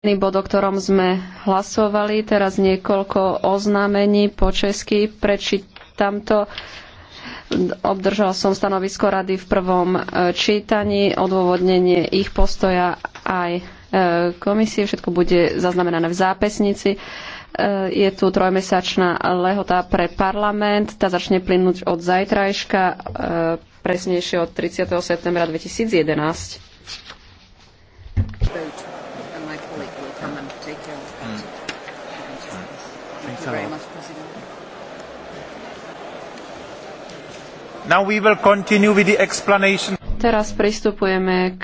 Posledný bod, o ktorom sme hlasovali, teraz niekoľko oznámení po česky. Prečítam to. Obdržal som stanovisko rady v prvom e, čítaní, odôvodnenie ich postoja aj e, komisie. Všetko bude zaznamenané v zápisnici. E, je tu trojmesačná lehota pre parlament. Tá začne plynúť od zajtrajška, presnejšie od 30. septembra 2011. Mm. Thank you very much, President. Now we will continue with the explanation. Teraz pristupujeme k